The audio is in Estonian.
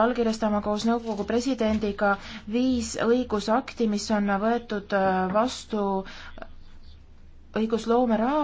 allkirjastama koos nõukogu presidendiga viis õigusakti, mis on võetud äh, vastu õigusloome raames.